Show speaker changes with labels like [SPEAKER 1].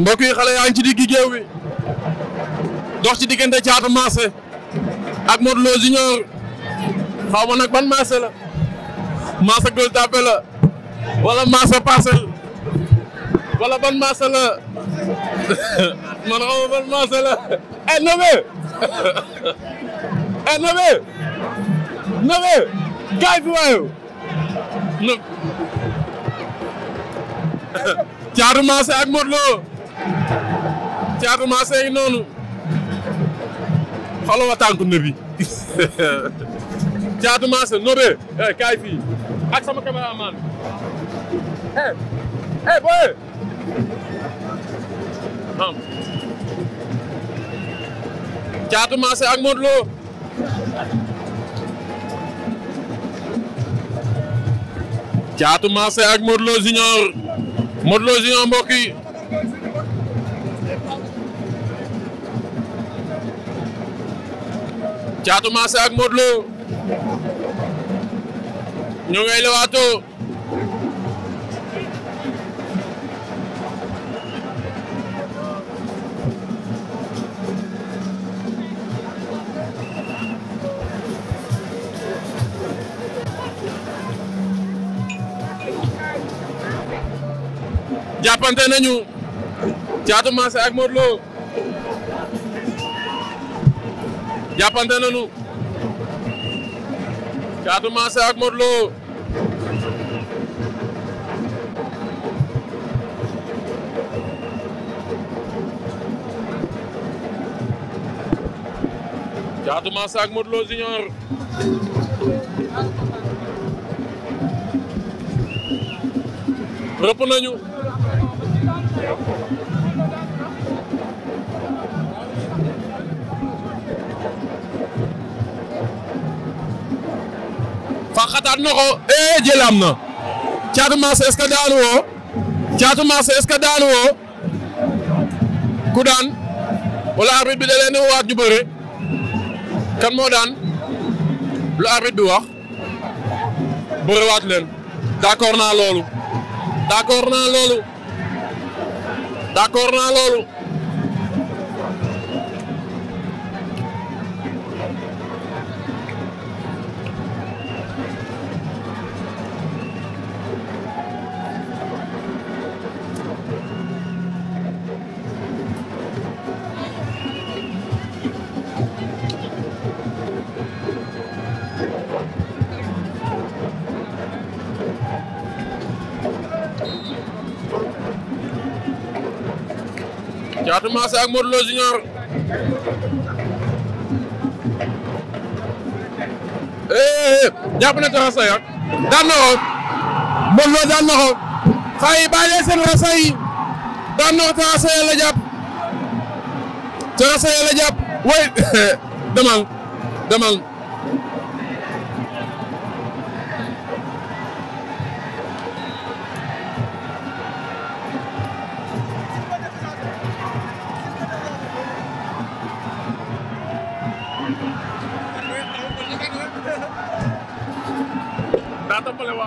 [SPEAKER 1] mbokk yi xale yaa ngi ci diggi géew dox ci diggante Thiatou Massé ak Modou Lo Junior xaw ma nag ban Massé la Massé Gueule Tapée la wala Massé Parcelles wala ban Massé la man xaw ma ban Massé la eh Nobé eh Nobé Nobé gaay fi waayu Thiatou Massé ak Modou Lo Thiatou Massé ngi noonu xoolal ma tànku nëb yi Thiatou Massé nëbee eh, kaay fii ak sama caméraman eh eh booy am Thiatou Massé ak Modou Lo Junior Modou Junior mbokk Caatu Maase ak Modou Lo ñu ngay lewaatoo jàppante nañu Caatu Maase ak Modou jàppante nañu Caatu Maase ak Modou Lo Caatu nañu waxataan na ko eh, eh jël am na bi da leen a waat ju bëre kan moo daan lu arbitre bi wax bëre waat leen d'accord naa loolu d'accord naa loolu d'accord naa loolu. Thiatou Massé ak Modou Lo Junior eh, eh jàpp na ca rasay ak daan na ko Modou Lo daan na la jàpp ca rasay la jàpp way demal demal daa tàmbale waa